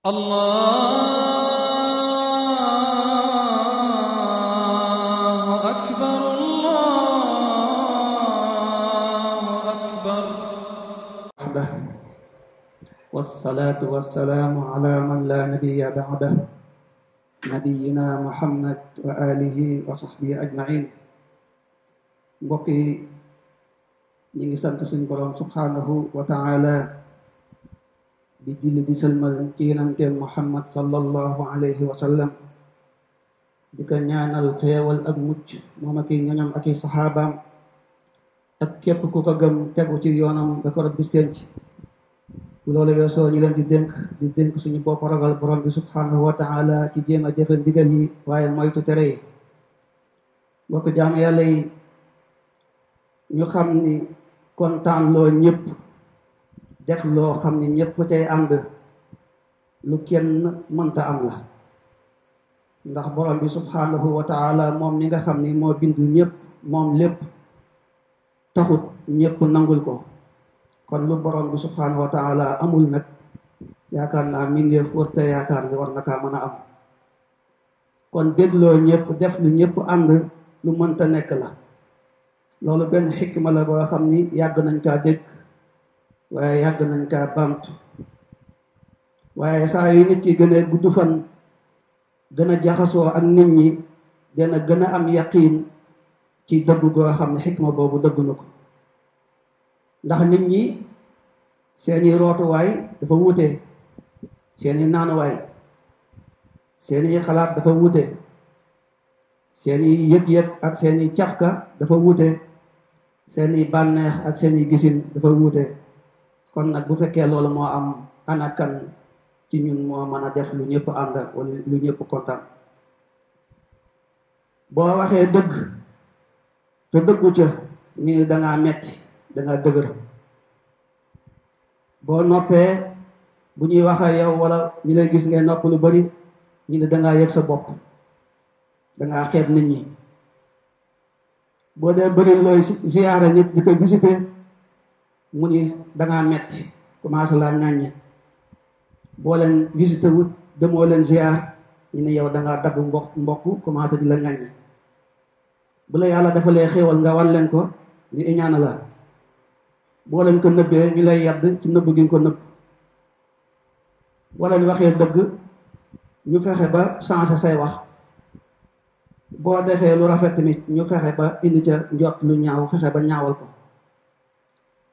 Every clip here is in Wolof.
الله أكبر الله أكبر والصلاة والسلام على من لا نبي بعده نبينا محمد وآله وصحبه أجمعين بقي yi ñu ngi sant di jilid di salmal ci muhammad sallallahu alaihi wasallam dikanya di ko ñaanal xeewal ak mucc moom ak i ñoñam ak i ku ko gam tagu ci yonam da ko rab bis denc bu loolu weesoo ñu len di denk di denk suñu bop ragal borom bi subhanahu wa taala ci jema a digal yi waye moytu tere bokk jam yalla yi ñu xamni kontan lo loo def loo xam ni ñëpp cay ànd lu kenn mënta am la ndax borom bi subhanahu wa taala moom ni nga xam ni moo bindu ñëpp moom lépp taxut ñëpp nangul ko kon lu borom bi subhanahu wa taala amul nag yaakaar naa mi ngi wërta yaakaar ni war na kaa mën a am kon dégloo ñëpp def lu ñëpp ànd lu mënta nekk la loolu benn xikma la boo xam ni nañ kaa dégg waaye yàgg nañ kaa bamtu waaye saa yi nit ki gën a gudd fan gën jaxasoo ak nit ñi dana gën a am yaqiin ci dëgg goo xam ne xikma boobu dëgg ko ndax nit ñi seeni rootuwaay dafa wuute seeni naanuwaay seeni xalaat dafa wuute seeni yëg-yëg ak seeni cafka dafa wuute seeni bànneex ak seeni gisin dafa wuute kon nak bu fekke lolu mo am anakan ci ñun mo mëna def lu ñëpp and ak lu ñëpp contact bo waxee dëgg te dëggu ci ni da nga metti nga dëgër bo noppé bu ñuy waxa yow wala ñu lay gis ngay nopp lu bari ñu da nga yek sa da nga xéet nit ñi bo dé bari loy ziaré nit di ko mu ni dangaa metti commencé laa ŋàññe boo leen visité wut demoo leen ziar ñu ne yow dangaa dagg mbokk mbokk commencé di la ŋàññe bu la yàlla defalee xéewal nga wan leen ko li iñaana la boo leen ko nëbbee ñu lay yadd ci nëbb gi nga ko nëbb boo leen waxee dëgg ñu fexe ba changé say wax boo defee lu rafet tamit ñu fexe ba indi ca njot lu ñaaw fexe ba ñaawal ko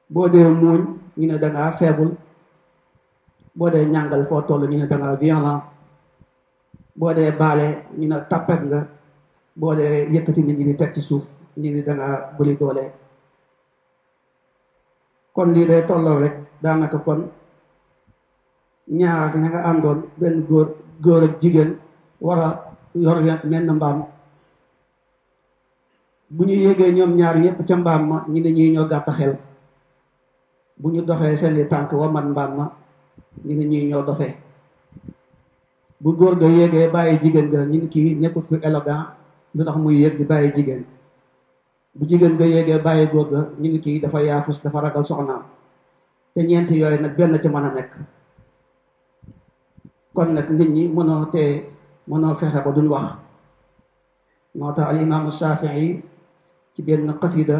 boo dee muuñ ñu ne dangaa faible boo dee ñàngal foo toll ñu ne dangaa violent boo dee baale ñu ne tappet nga boo dee yëkkati nit ñi di teg ci suuf ñu ne dangaa bëri doole kon lii day tolloo rek daanaka kon ñaar ak ña nga àndoon benn góor góor ak jigéen war a yor menn mbaam bu ñu yéegee ñoom ñaar ñëpp ca mbaam ma ñu ne ñuy ñoo gàtta xel bu ñu doxee seeni tànk wa man mbaam ma ñu ngi ñuy ñoo doxee bu góor ga yéegee bàyyi jigéen ga ñu ngi kii nekkut ku élégant lu tax muy yéeg di bàyyi jigéen bu jigéen ga yéegee bàyyi góor ga ñu ngi kii dafa yaafus dafa ragal soxnaam te ñeenti yooyu nag benn ci mën a nekk kon nag nit ñi mënoo tee mënoo fexe ba duñ wax moo tax al imaamu yi ci benn xasida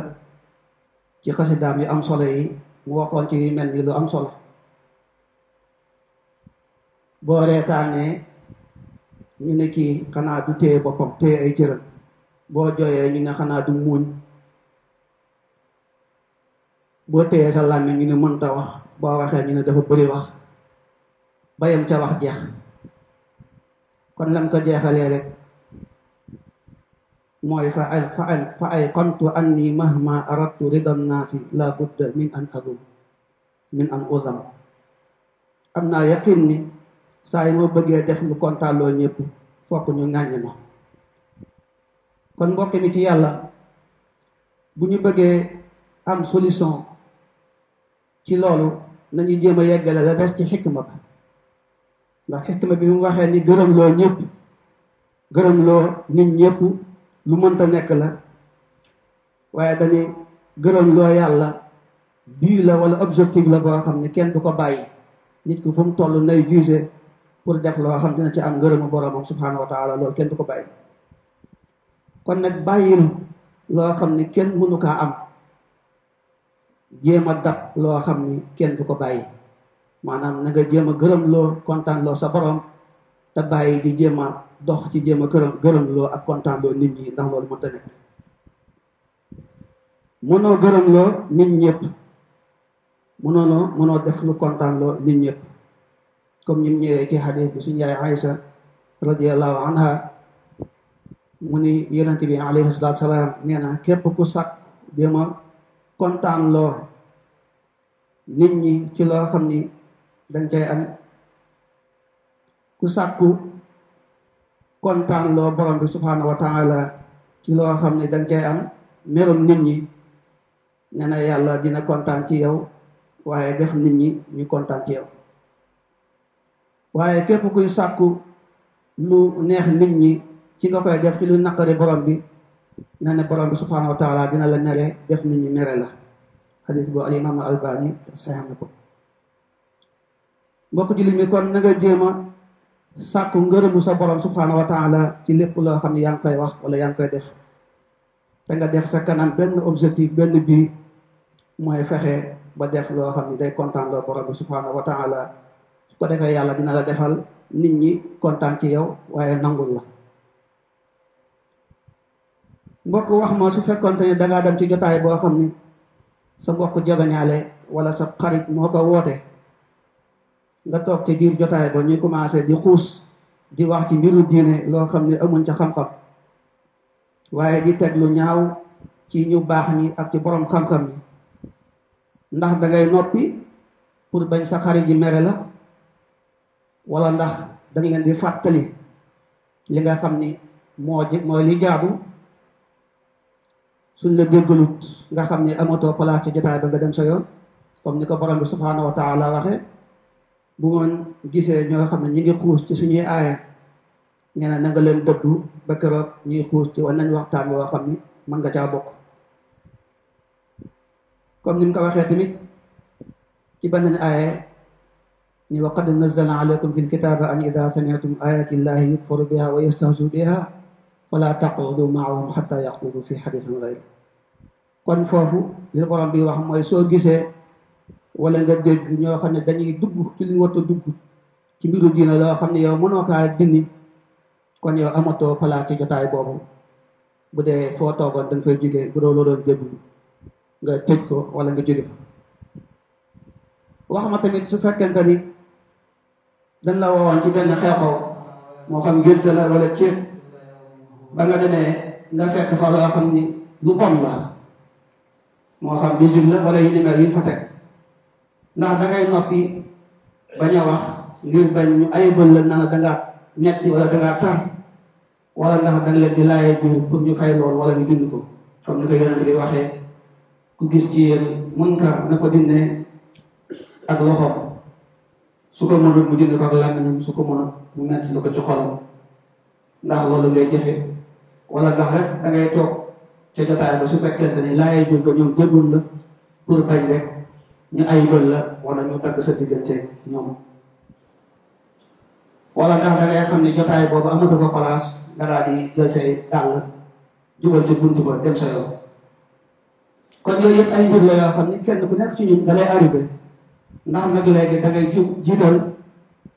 ci xasidaam yu am solo yi waxoon ci yu mel ni lu am solo boo reetaanee ñu ne kii xanaa du téye boppam téye ay cëram boo jooyee ñu ne xanaa du muuñ boo téyee sa làmmiñ ñu ne mënta wax boo waxee ñu ne dafa bëri wax bayam ca wax jeex kon lam ko jeexalee rek mooy fa ay fa ay fa ay kontu anni mahma aradtu rida nnaasi la budda min an azum min an uzam am naa yaqin ni saa yi moo bëggee def lu kontaaloo ñëpp fokk ñu ŋàññi ma kon mbokk mi ci yàlla bu ñu bëggee am solution ci loolu nañu jéem a yeggale la des ci xikma ba ndax xikma bi mu waxee ni gërëm loo ñëpp gërëm loo nit ñëpp lu mënta nekk la waaye dañuy gërëm loo yàlla bii la wala objectif la boo xam ne kenn du ko bàyyi nit ku fu mu toll nay jugé pour def loo xam dina ci am ngërëmu boromam subhanahu wa taala loolu kenn du ko bàyyi kon nag bàyyil loo xam ne kenn mënu kaa am jéem a dab loo xam ni kenn du ko bàyyi maanaam na nga jéem a gërëm loo kontaan loo sa borom te bàyyi di jéem dox ci jema a gërëm gërëm loo ak contant bo nit ñi ndax lool mënta nekk mëno gërëm lo nit ñëpp no mëno def lu contant lo nit ñëpp comme ñim ñëwé ci hadith bi suñu yaay Aïssa radiallahu anha muni yaronte bi alayhi salatu salaam neena na képp ku sàkk jéem a lo nit ñi ci lo xamni dañ cey am ku sakku Kontan lo borom bi subhanahu wa taala ci loo xam ne da nga am merum nit ñi nee na yàlla dina kontaan ci yow waaye def nit ñi ñu kontaan ci yow waaye képp kuy sàkku lu neex nit ñi ci nga koy def ci lu naqari borom bi nee na borom bi subhanahu wa taala dina la mere def nit ñi mere la hadith bu alimama albani saxam na ko mbokk julit mi kon na nga jéema sàkku ngërëmu sa borom subhaanahu wa taala ci lépp loo xam ne yaa ngi koy wax wala yaa ngi koy def te nga def sa kanam benn objectif benn bii mooy fexe ba def loo xam ne day kontaan loo borom bi subhaanahu wa su ko defee yàlla dina la defal nit ñi kontaan ci yow waaye nangul la mbokk wax ma su fekkonte ne dangaa dem ci jotaay boo xam ni sa mbokk jegeñaale wala sa xarit moo ko woote nga tok ci bir jotay ba ñuy commencé di xuus di wax ci mbiru diine loo xam ne amuñ ca xam-xam waaye di teg lu ñaaw ci ñu baax ni ak ci borom xam-xam yi ndax da ngay noppi pour bañ sa xari ji mere la wala ndax da nga di fàttali li nga xam ni moo mooy li jaabu suñ la déggalut nga xam ni amatoo place ci jotaay ba nga dem sa yoon comme ni ko borom bi subhanahu wa taala waxee bu ngoon gisee ñoo xam ne ñi ngi xuus ci suñuy aaya nee na nga leen dëddu ba keroog ñuy xuus ci wala nañ waxtaan woo xam ni mën nga caa bokk comme ni mu ko waxee tamit ci beneen aaya ni wa qad nazzala alaykum fi lkitaaba an ida samitum ayati llahi yukfaru biha wa yastahzu biha fala soo gisee wala nga dégg ñoo xam ne dañuy dugg ci li ñu dugg ci mbiru diina loo xam ne yow mënoo kaa dindi kon yow amatoo place ci jotaay boobu bu dee foo toogoon da nga fay jógee bu ko wala nga jóge fa wax ma tamit su fekkente ni dañ la woowoon ci benn xeexoo moo xam ngénte la demee nga fekk fa loo xam ni lu bon la moo xam bisim la wala yu demee yuñ fa teg ndax dangay noppi bañ a wax ngir bañ ñu ayibal la naan da ñetti wala da ngaa tar wala ndax da nga leen di pour ñu fay lool wala ñu dindi ko comme ni ko yonent gis ci yéen ko dindee ak loxo su ko mënul mu dindi ak làmmiñam su ko mënul mu lu ko ci xolam ndax loolu ngay jëfe wala ndax rek da ngay toog ca ba su fekkente ni laajee biir ko ñoom jëndul la pour bañ rek. ñu ayibal la wala ñu tagg sa diggante ñoom wala ndax da ngay xam ne jotaay boobu amatu ko place nga daal di jël say dàll jubal ci buntu ba dem sa yow kon yooyu yëpp ay mbir la yoo xam ni kan kenn ku nekk ci ñun da lay arrivé ndax nag léegi da ngay jub jiital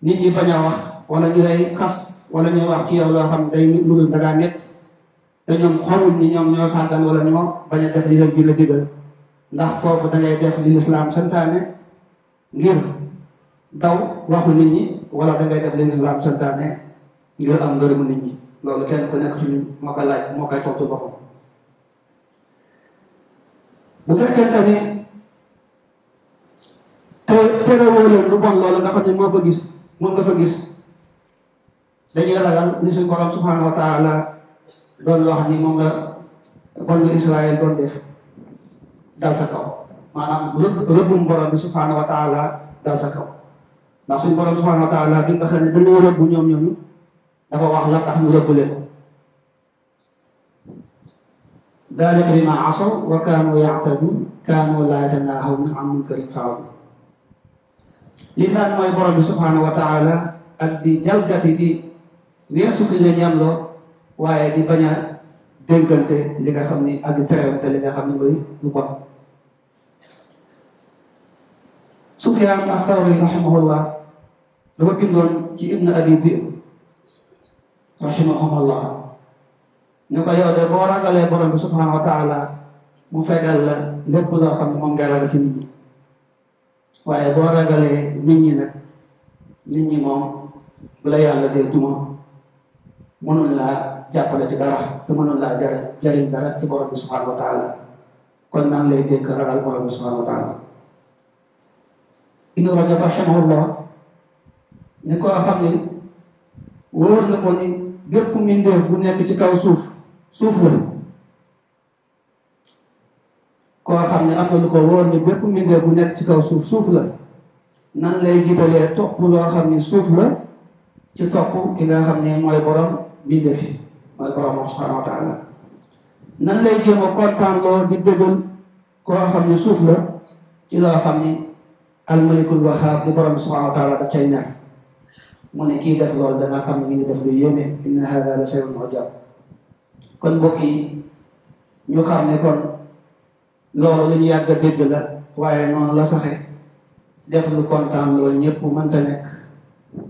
nit ñi bañ a wax wala ñu lay xas wala ñu wax ci yow loo xam day nurul da ngaa métti te ñoom xamul ni ñoom ñoo sàggan wala ñoo bañ a def li leen julle digal ndax foofu da ngay def li santaane ngir daw waxu nit ñi wala da ngay def li santaane ngir am ngërëmu nit ñi loolu kenn ku nekk ci ñu moo koy laaj moo koy tontu boppam bu fekkente ni te tere woo leen lu bon loolu nga xam ne moo fa gis moom nga fa gis dañuy ragal ni suñ borom subhanahu wa taala doon loo xam ni moom nga bon Israël doon def dal sa kaw maanaam rëbbum borom bi subhanahu wa taala dal sa kaw ndax suñu borom subhanahu wa taala bi nga xam ne dañoo rëbb ñoom ñooñu dafa wax la tax ñu rëbb leen ذلك بما عصوا وكانوا يعتدون كانوا لا يتناهون عن منكر فعلوا li naan mooy borom subhanahu wa taala ak di jalgati di weesu fi leen yamloo waaye di bañ a li nga xam ak di li nga xam ni lu bon سفيان الثوري رحمه الله وكيلون كي ابن ابي ذئب رحمهم الله نكو يو دي بورا غالي بورم سبحانه وتعالى مو فغال لا ليب لو خامي موم غالا لا سي نيت واي بورا غالي نيت ني نك نيت ني موم بلا يالا دي دوما منو لا جابلا تي دارا تي منو لا جارين دارا تي بورم سبحانه وتعالى كون نام لي ديك راغال بورم سبحانه وتعالى ibnu Rajab rahimahullah ne ko xamni woor na ko ni bépp mbindeef bu nek ci kaw suuf suuf la ko xamni ne am na lu ko woor ni bépp mbindeef bu nek ci kaw suuf suuf la nan lay jibalee top lo xamni ni suuf la ci top ki nga xamni moy borom mbindeef yi moy borom subhanahu wa taala nan lay jéem a kontaan di bégal ko xamni suuf la ci loo xamni malikul wahhab di borom subhanahu wa taala da cay ñaan mu ne ki def da dana xam ni ngi def lu yeme inna hadha la shay'un ajab kon mbokk yi ñu xam ne kon loolu lu ñu yàgg dégg la waye non la saxé def lu kontaan ñepp mën ta nek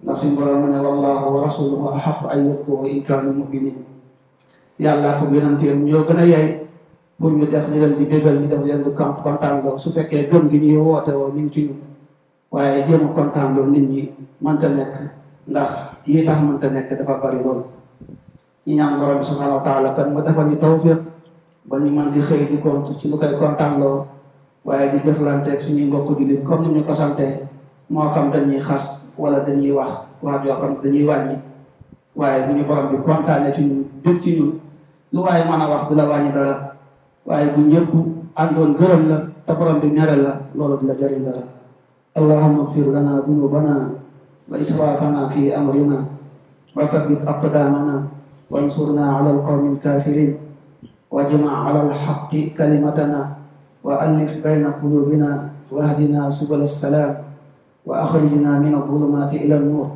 ndax suñu borom mu ne wallahu wa rasuluhu ahaq an yuqu in kanu muminin yalla ko yonanteem ñoo gëna yey yay pour ñu def ñu leen di bégal ñu def leen di kontaan loo su fekkee gëm gi ñuy woote woo ñu ngi ci ñun waaye jéem a kontaan loo nit ñi mënta nekk ndax yi tax mënta nekk dafa bari lool ñi ñaan borom subhanahu wa taala kan mu dafa ñu tawfiq ba ñu mën di xëy di kont ci lu koy kontaan loo waaye di jëflante suñuy mbokk julit comme ni ñu ko santee moo xam dañuy xas wala dañuy wax wax joo xam dañuy wàññi waaye bu ñu borom bi kontaane ci ñun bég ci ñun lu waaye mën a wax bu la wàññi dara waye bu ñepp andon gëreem la ta borom bi ñara la loolu اللهم اغفر لنا ذنوبنا وإسرافنا في أمرنا وثبت أقدامنا وانصرنا على القوم الكافرين واجمع على الحق كلمتنا وألف بين قلوبنا واهدنا سبل السلام وأخرجنا من الظلمات إلى النور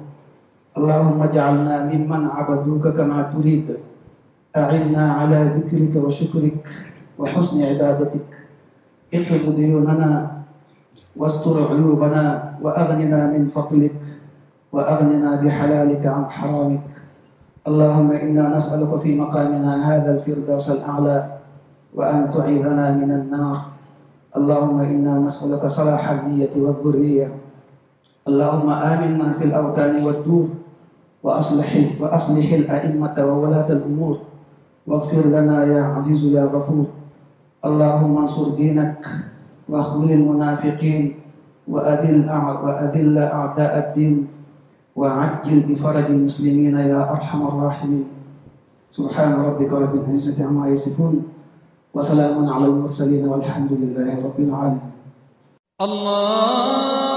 اللهم اجعلنا ممن عبدوك كما تريد أعنا على ذكرك وشكرك وحسن عبادتك اقض ديوننا واستر عيوبنا واغننا من فضلك واغننا بحلالك عن حرامك اللهم انا نسالك في مقامنا هذا الفردوس الاعلى وان تعيذنا من النار اللهم انا نسالك صلاح النيه والذريه اللهم امنا في الاوطان والدور واصلح واصلح الائمه وولاه الامور واغفر لنا يا عزيز يا غفور اللهم انصر دينك واخذل المنافقين وأذل وأذل أعداء الدين وعجل بفرج المسلمين يا أرحم الراحمين سبحان ربك رب العزة عما يصفون وسلام على المرسلين والحمد لله رب العالمين الله